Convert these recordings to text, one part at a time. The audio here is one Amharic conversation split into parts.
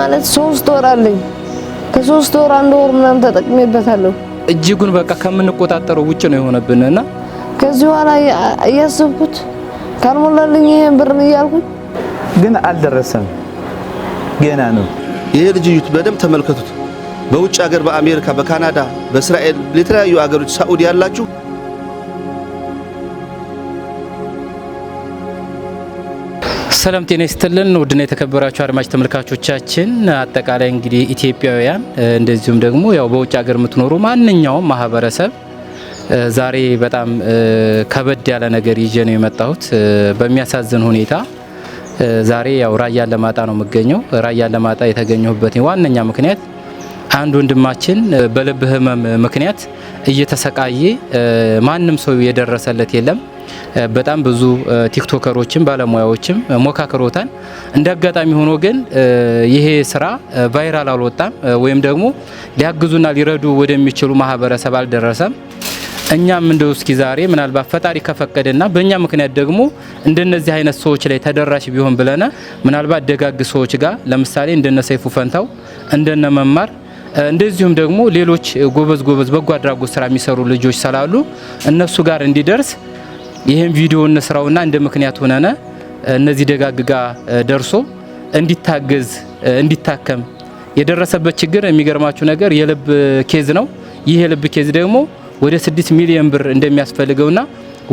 ማለት ሶስት ወር አለኝ። ከሶስት ወር አንድ ወር ምናምን ተጠቅሜበታለሁ። እጅጉን በቃ ከምንቆጣጠረው ውጭ ነው የሆነብን እና ከዚህ በኋላ እያሰብኩት ካልሞላልኝ ይሄን ብር እያልኩት ግን አልደረሰም። ገና ነው። ይሄ ልጅ እዩት፣ በደንብ ተመልከቱት። በውጭ ሀገር፣ በአሜሪካ፣ በካናዳ፣ በእስራኤል፣ የተለያዩ ሀገሮች ሳዑዲ ያላችሁ ሰላም ጤና ይስጥልን ውድና የተከበራችሁ አድማጭ ተመልካቾቻችን፣ አጠቃላይ እንግዲህ ኢትዮጵያውያን እንደዚሁም ደግሞ ያው በውጭ ሀገር የምትኖሩ ማንኛውም ማህበረሰብ ዛሬ በጣም ከበድ ያለ ነገር ይዤ ነው የመጣሁት። በሚያሳዝን ሁኔታ ዛሬ ያው ራያን ለማጣ ነው የምገኘው። ራያን ለማጣ የተገኘሁበት ዋነኛ ምክንያት አንድ ወንድማችን በልብ ህመም ምክንያት እየተሰቃየ ማንም ሰው የደረሰለት የለም በጣም ብዙ ቲክቶከሮችም ባለሙያዎችም ሞካክሮታል። እንደ አጋጣሚ ሆኖ ግን ይሄ ስራ ቫይራል አልወጣም ወይም ደግሞ ሊያግዙና ሊረዱ ወደሚችሉ ማህበረሰብ አልደረሰም። እኛም እንደው እስኪ ዛሬ ምናልባት ፈጣሪ ከፈቀደና በእኛ ምክንያት ደግሞ እንደነዚህ አይነት ሰዎች ላይ ተደራሽ ቢሆን ብለና ምናልባት ደጋግ ሰዎች ጋር ለምሳሌ እንደነ ሰይፉ ፈንታው እንደነ መማር እንደዚሁም ደግሞ ሌሎች ጎበዝ ጎበዝ በጎ አድራጎት ስራ የሚሰሩ ልጆች ስላሉ እነሱ ጋር እንዲደርስ ይህም ቪዲዮ እንስራውና እንደ ምክንያት ሆነነ እነዚህ ደጋግጋ ደርሶ እንዲታገዝ እንዲታከም የደረሰበት ችግር የሚገርማችሁ ነገር የልብ ኬዝ ነው። ይህ የልብ ኬዝ ደግሞ ወደ 6 ሚሊዮን ብር እንደሚያስፈልገውና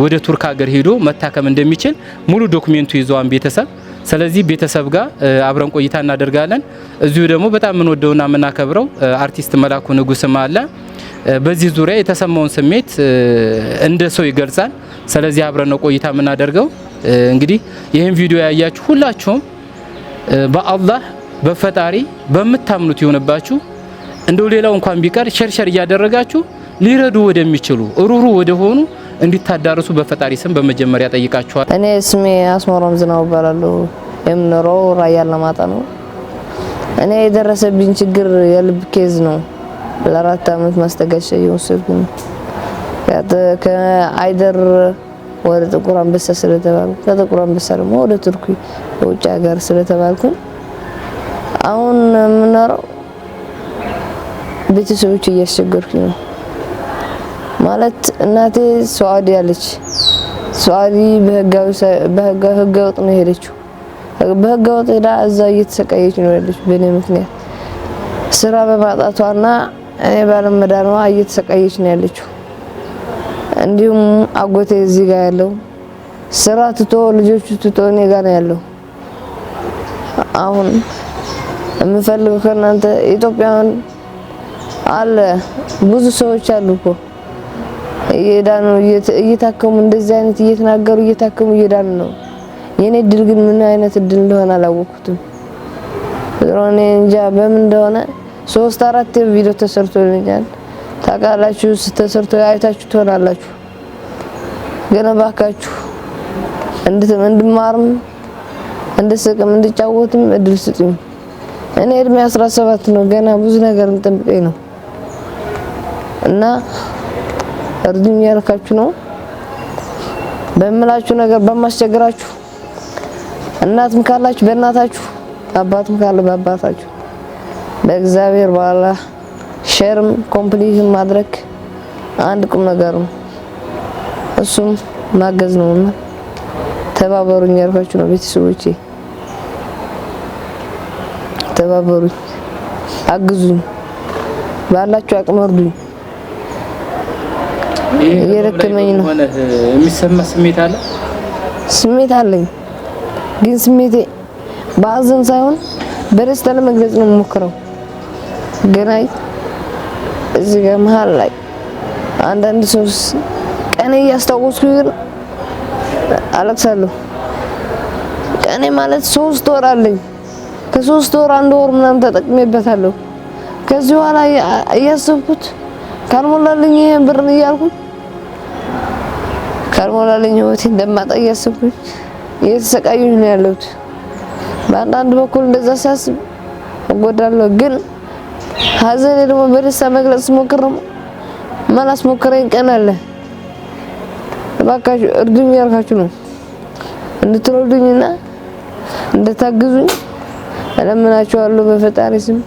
ወደ ቱርክ ሀገር ሄዶ መታከም እንደሚችል ሙሉ ዶክሜንቱ ይዘዋን ቤተሰብ ስለዚህ ቤተሰብ ጋር አብረን ቆይታ እናደርጋለን። እዚሁ ደግሞ በጣም የምንወደውና የምናከብረው አርቲስት መላኩ ንጉስም አለ። በዚህ ዙሪያ የተሰማውን ስሜት እንደ ሰው ይገልጻል። ስለዚህ አብረን ነው ቆይታ የምናደርገው። እንግዲህ ይህን ቪዲዮ ያያችሁ ሁላችሁም በአላህ በፈጣሪ በምታምኑት ይሆንባችሁ። እንደው ሌላው እንኳን ቢቀር ሸርሸር እያደረጋችሁ ሊረዱ ወደሚችሉ ሩሩ ወደሆኑ እንዲታዳርሱ በፈጣሪ ስም በመጀመሪያ ጠይቃችኋል። እኔ ስሜ አስመሮም ዝናው እባላለሁ። የምኖረው ራያ አላማጣ ነው። እኔ የደረሰብኝ ችግር የልብ ኬዝ ነው። ለአራት አመት ማስጠጋሻ እየወሰድኩ ነው ከአይደር ወደ ጥቁር አንበሳ ስለተባልኩ ከጥቁር አንበሳ ደግሞ ወደ ቱርክ የውጭ ሀገር ስለተባልኩ አሁን የምኖረው ቤተሰቦች እያስቸገርኩኝ ነው። ማለት እናቴ ሰዋዲ አለች። ሰዋዲ ህገ ወጥ ነው የሄደችው። በህገ ወጥ ሄዳ እዛ እየተሰቃየች ነው ያለች በእኔ ምክንያት ስራ በማጣቷና እኔ ባለመዳኗ እየተሰቃየች ነው ያለችው። እንዲሁም አጎቴ እዚህ ጋር ያለው ስራ ትቶ ልጆቹ ትቶ እኔ ጋር ነው ያለው። አሁን የምፈልገው ከእናንተ ኢትዮጵያን አለ ብዙ ሰዎች አሉ እኮ እየዳኑ እየታከሙ እንደዚህ አይነት እየተናገሩ እየታከሙ እየዳኑ ነው። የኔ እድል ግን ምን አይነት እድል እንደሆነ አላወቅኩትም። እኔ እንጃ በምን እንደሆነ ሶስት አራት ቪዲዮ ተሰርቶልኛል። ታውቃላችሁ። ስተሰርቶ አይታችሁ ትሆናላችሁ። ግን እባካችሁ እንድማርም እንድስቅም እንድጫወትም እድል ስጡኝ። እኔ እድሜ 17 ነው፣ ገና ብዙ ነገር እንጠብቀኝ ነው እና እርዱኝ ያልካችሁ ነው በምላችሁ ነገር በማስቸግራችሁ እናትም ካላችሁ በእናታችሁ አባትም ካለ በአባታችሁ በእግዚአብሔር በአላህ ሼርም ኮምፕሊት ማድረግ አንድ ቁም ነገር ነው። እሱም ማገዝ ነውና ተባበሩኝ ያርፋችሁ ነው። ቤተሰቦቼ ተባበሩኝ፣ አግዙኝ፣ ባላችሁ አቅም እርዱኝ። ነው። የሚሰማ ስሜት አለ ስሜት አለኝ፣ ግን ስሜቴ በአዘን ሳይሆን በደስታ ለመግለጽ ነው የምሞክረው ገናይ እዚህ ጋር መሀል ላይ አንዳንድ ሰው ቀኔ እያስታወስኩ ግን አለቅሳለሁ። ቀኔ ማለት ሶስት ወር አለኝ። ከሶስት ወር አንድ ወር ምናምን ተጠቅሜበታለሁ። ከዚህ በኋላ እያሰብኩት ካልሞላልኝ ይሄን ብርን እያልኩኝ ካልሞላልኝ ህይወቴ እንደማጣ እያሰብኩኝ እየተሰቃዩኝ ነው ያለሁት። በአንዳንድ በኩል እንደዛ ሲያስብ እጎዳለሁ ግን ሀዘኔ ደግሞ በደስታ መግለጽ ስሞክር ደግሞ ሞክረኝ ቀን አለ። እባካችሁ እርዱኝ ያልካችሁ ነው እንድትረዱኝና እንድታግዙኝ እለምናችኋለሁ። በፈጣሪ ስም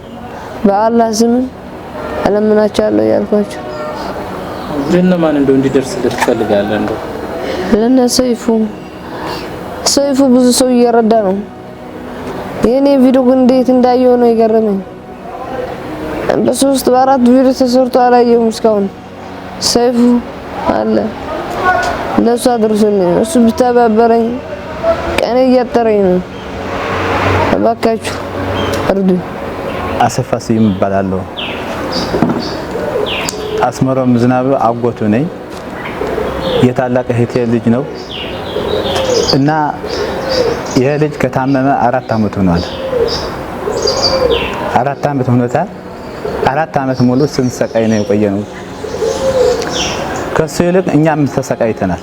በአላህ ስም እለምናችኋለሁ ያልኳችሁ ለነማን እንደው እንዲደርስልህ ትፈልጋለህ? እንደው ለነ ሰይፉ ሰይፉ ብዙ ሰው እየረዳ ነው። የኔ ቪዲዮ እንዴት እንዳየው ነው የገረመኝ። ለሶስት በአራት ቪዲዮ ተሰርቶ አላየሁም እስካሁን። ሰይፉ አለ ለሱ አድርሱልኝ። እሱ ብተባበረኝ ቀኔ እያጠረኝ ነው። እባካችሁ እርዱኝ። አሰፋ ስዩም እባላለሁ። አስመሮም ዝናብ አጎቱ ነኝ። የታላቅ እህቴ ልጅ ነው እና ይህ ልጅ ከታመመ አራት አመት ሆኗል። አራት አመት ሆኖታል። አራት ዓመት ሙሉ ስንሰቃይ ነው የቆየነው። ከሱ ይልቅ እኛም ተሰቃይተናል።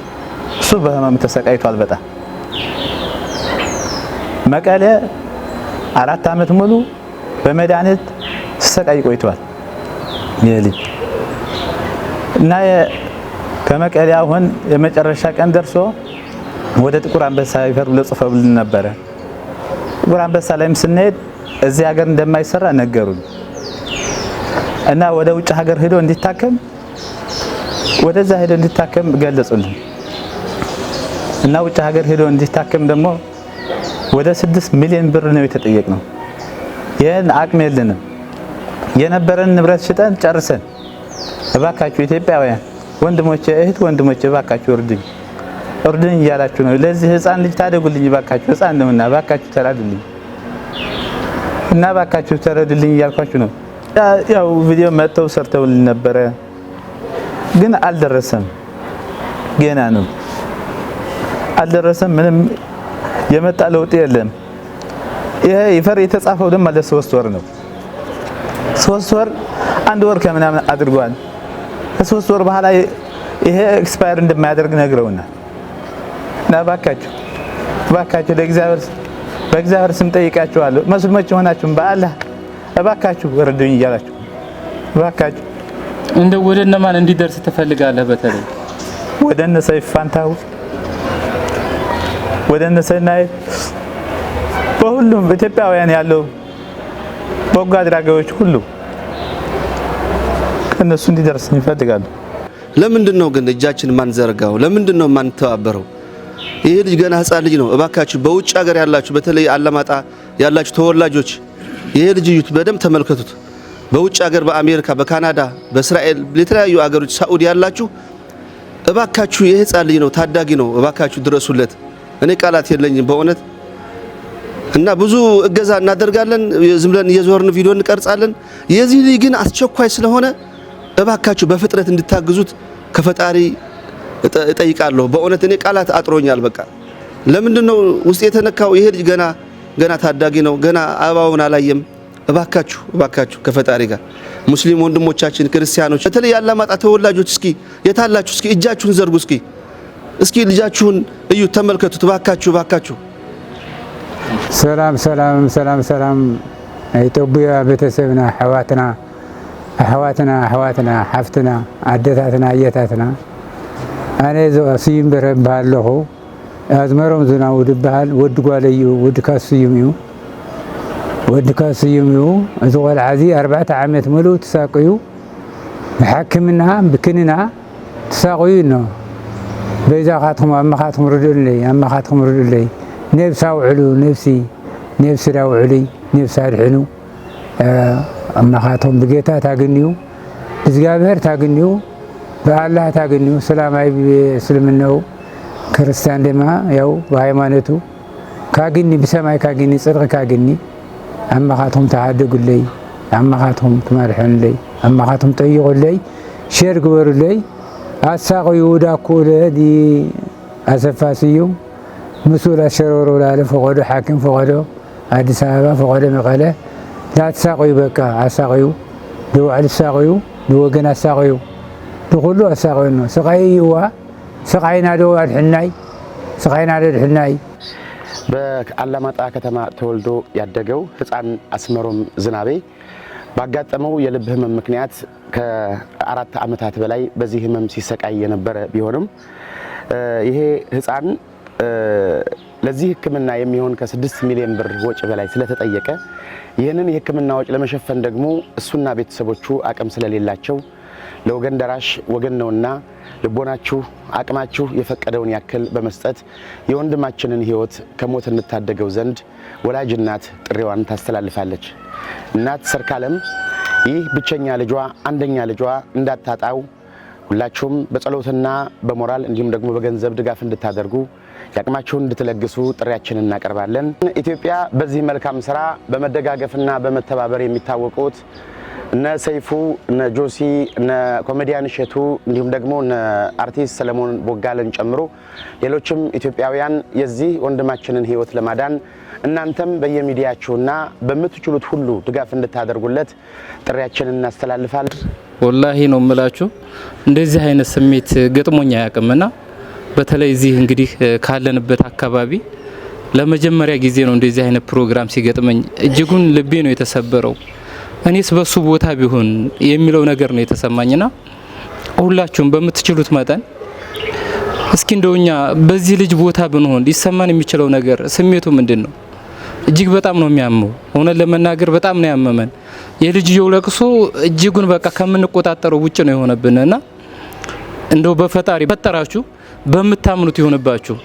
እሱ በህመም ተሰቃይቷል። በጣም መቀሌ አራት ዓመት ሙሉ በመድኃኒት ሲሰቃይ ቆይቷል። ይህ እና ከመቀሌ አሁን የመጨረሻ ቀን ደርሶ ወደ ጥቁር አንበሳ ይፈርብለ ጽፈብልን ነበረ። ጥቁር አንበሳ ላይም ስንሄድ እዚህ ሀገር እንደማይሰራ ነገሩን። እና ወደ ውጭ ሀገር ሄዶ እንዲታከም ወደዛ ሄዶ እንዲታከም ገለጹልን እና ውጭ ሀገር ሄዶ እንዲታከም ደግሞ ወደ ስድስት ሚሊዮን ብር ነው የተጠየቅነው። ይህን አቅም የለንም። የነበረን ንብረት ሽጠን ጨርሰን፣ እባካችሁ ኢትዮጵያውያን ወንድሞቼ፣ እህት ወንድሞቼ እባካችሁ እርዱኝ፣ እርዱኝ እያላችሁ ነው። ለዚህ ህፃን ልጅ ታደጉልኝ እባካችሁ፣ ህፃን ነውና እባካችሁ ተራዱልኝ እና እባካችሁ ተረዱልኝ እያልኳችሁ ነው። ያው ቪዲዮ መጥተው ሰርተውልን ነበረ፣ ግን አልደረሰም። ገና ነው አልደረሰም። ምንም የመጣ ለውጥ የለም። ይሄ ይፈር የተጻፈው ደግሞ ለሶስት ወር ነው። ሶስት ወር አንድ ወር ከምናምን አድርጓል። ከሶስት ወር በኋላ ይሄ ኤክስፓየር እንደማያደርግ ነግረውናል። እና እባካችሁ እባካችሁ ለእግዚአብሔር በእግዚአብሔር ስም ጠይቃችኋለሁ። መስሎች ሆናችሁም በአላህ እባካችሁ እርዱኝ እያላችሁ እባካችሁ። እንደ ወደ እነማን እንዲደርስ ትፈልጋለህ? በተለይ ወደ እነ ሰይፍ ፋንታው፣ ወደ እነ ሰናይ፣ በሁሉም ኢትዮጵያውያን ያለው በጎ አድራጊዎች ሁሉ እነሱ እንዲደርስ ይፈልጋሉ። ለምንድን ነው ግን እጃችን ማንዘርጋው? ለምንድን ነው ማንተባበረው? ይሄ ልጅ ገና ሕፃን ልጅ ነው። እባካችሁ በውጭ ሀገር ያላችሁ በተለይ አላማጣ ያላችሁ ተወላጆች ይሄ ልጅ እዩት፣ በደንብ ተመልከቱት። በውጭ ሀገር በአሜሪካ፣ በካናዳ፣ በእስራኤል፣ የተለያዩ ሀገሮች ሳኡዲ ያላችሁ እባካችሁ የህፃን ህፃን ልጅ ነው፣ ታዳጊ ነው። እባካችሁ ድረሱለት። እኔ ቃላት የለኝም በእውነት እና ብዙ እገዛ እናደርጋለን። ዝም ብለን እየዞርን ቪዲዮ እንቀርጻለን። የዚህ ልጅ ግን አስቸኳይ ስለሆነ እባካችሁ በፍጥነት እንድታግዙት ከፈጣሪ እጠይቃለሁ። በእውነት እኔ ቃላት አጥሮኛል። በቃ ለምንድን ነው ውስጥ የተነካው ይሄ ልጅ ገና ገና ታዳጊ ነው፣ ገና አበባውን አላየም። እባካችሁ እባካችሁ ከፈጣሪ ጋር ሙስሊም ወንድሞቻችን ክርስቲያኖች፣ በተለይ የአላማጣ ተወላጆች እስኪ የታላችሁ እስኪ እጃችሁን ዘርጉ እስኪ እስኪ ልጃችሁን እዩ፣ ተመልከቱት እባካችሁ እባካችሁ። ሰላም ሰላም ሰላም ሰላም ኢትዮጵያ ቤተሰብና አሕዋትና አሕዋትና አሕዋትና ሓፍትና አደታትና እየታትና ኣነ ዞ ስዩም አዝመሮም ዝና ወድ ባህል ወድ ጓለዩ ወድ ካስዩም እዩ ወድ ካስዩም እዩ እዚ ቆልዓ እዚ ኣርባዕተ ዓመት ሙሉእ ትሳቅዩ ብሓክምና ብክንና ትሳቅዩ ኖ በይዛኻትኩም ኣመኻትኩም ርድኡለይ ኣመኻትኩም ርድኡለይ ነብሳ ውዕሉ ነብሲ ነብሲ ዳውዕሉይ ነብሳ ድሕኑ ኣመኻቶም ብጌታ ታግንዩ ብእግዚኣብሔር ታግንዩ ብኣላህ ታግንዩ ሰላማይ እስልምነው ክርስቲያን ድማ ያው ብሃይማኖቱ ካግኒ ብሰማይ ካግኒ ፅድቂ ካግኒ ኣማኻትኩም ተሃደጉለይ ኣማኻትኩም ትመርሐንለይ ኣማኻትኩም ጠይቁለይ ሸር ግበሩለይ ኣሳቂ ይሁዳ ኩለ ኣሰፋሲ እዩ ምስኡ ላሸረሮ ላለ ፈቐዶ ሓኪም ፈቐዶ ኣዲስ ኣበባ ፈቐዶ መቐለ ዳትሳቂዩ በቃ ኣሳቂዩ ንባዕሉ ኣሳቑዩ ንወገን ኣሳቂዩ ንኩሉ ኣሳቂዩ ስቃይ ይዋ ስቃይናዶ አድሕናይ ስቃይናዶ አድሕናይ። በአላማጣ ከተማ ተወልዶ ያደገው ህፃን አስመሮም ዝናቤ ባጋጠመው የልብ ህመም ምክንያት ከአራት ዓመታት በላይ በዚህ ህመም ሲሰቃይ የነበረ ቢሆንም ይሄ ህፃን ለዚህ ህክምና የሚሆን ከስድስት ሚሊዮን ብር ወጪ በላይ ስለተጠየቀ ይህንን የህክምና ወጪ ለመሸፈን ደግሞ እሱና ቤተሰቦቹ አቅም ስለሌላቸው ለወገን ደራሽ ወገን ነውና ልቦናችሁ አቅማችሁ የፈቀደውን ያክል በመስጠት የወንድማችንን ሕይወት ከሞት እንታደገው ዘንድ ወላጅ እናት ጥሪዋን ታስተላልፋለች። እናት ሰርካለም ይህ ብቸኛ ልጇ አንደኛ ልጇ እንዳታጣው ሁላችሁም በጸሎትና በሞራል እንዲሁም ደግሞ በገንዘብ ድጋፍ እንድታደርጉ የአቅማችሁን እንድትለግሱ ጥሪያችንን እናቀርባለን። ኢትዮጵያ በዚህ መልካም ስራ በመደጋገፍና በመተባበር የሚታወቁት እነ ሰይፉ እነ ጆሲ እነ ኮሜዲያን እሸቱ እንዲሁም ደግሞ እነ አርቲስት ሰለሞን ቦጋለን ጨምሮ ሌሎችም ኢትዮጵያውያን የዚህ ወንድማችንን ሕይወት ለማዳን እናንተም በየሚዲያችሁና በምትችሉት ሁሉ ድጋፍ እንድታደርጉለት ጥሪያችንን እናስተላልፋለን። ወላሂ ነው የምላችሁ እንደዚህ አይነት ስሜት ገጥሞኝ አያውቅምና በተለይ እዚህ እንግዲህ ካለንበት አካባቢ ለመጀመሪያ ጊዜ ነው እንደዚህ አይነት ፕሮግራም ሲገጥመኝ እጅጉን ልቤ ነው የተሰበረው። እኔስ በሱ ቦታ ቢሆን የሚለው ነገር ነው የተሰማኝና ሁላችሁም በምትችሉት መጠን እስኪ እንደውኛ በዚህ ልጅ ቦታ ብንሆን ሊሰማን የሚችለው ነገር ስሜቱ ምንድን ነው? እጅግ በጣም ነው የሚያመው። እውነት ለመናገር በጣም ነው ያመመን። የልጅየው ለቅሶ እጅጉን በቃ ከምንቆጣጠረው ውጭ ነው የሆነብንና እንደው በፈጣሪ ፈጠራችሁ በምታምኑት ይሆንባችሁ።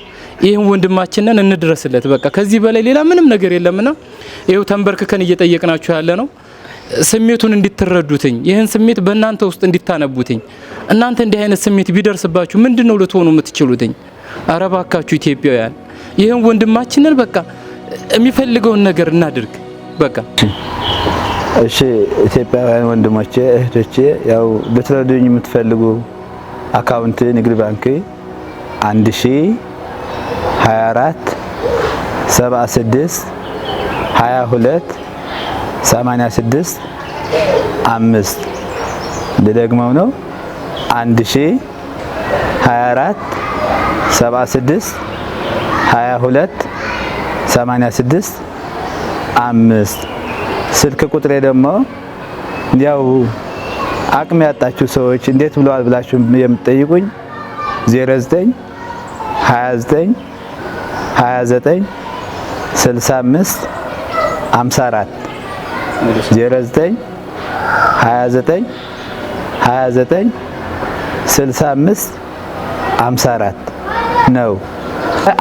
ይህን ወንድማችንን እንድረስለት። በቃ ከዚህ በላይ ሌላ ምንም ነገር የለምና ይኸው ተንበርክከን እየጠየቅናችሁ ያለ ነው። ስሜቱን እንድትረዱትኝ ይህን ስሜት በእናንተ ውስጥ እንድታነቡትኝ እናንተ እንዲህ አይነት ስሜት ቢደርስባችሁ ምንድን ነው ልትሆኑ የምትችሉትኝ? አረ ባካችሁ ኢትዮጵያውያን ይህን ወንድማችንን በቃ የሚፈልገውን ነገር እናድርግ። በቃ እሺ፣ ኢትዮጵያውያን ወንድሞቼ እህቶቼ፣ ያው ልትረዱኝ የምትፈልጉ አካውንት ንግድ ባንክ 1ሺ ስድስት 76 22 86 አምስት ልደግመው ነው 1024 76 22 86 5 ስልክ ቁጥሬ ደግሞ ያው አቅም ያጣችሁ ሰዎች እንዴት ብለዋል ብላችሁ የምትጠይቁኝ 09 29 29 65 54 09 29 29 65 54 ነው።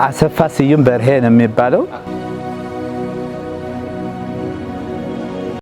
አሰፋ ስዩም በርሄ ነው የሚባለው።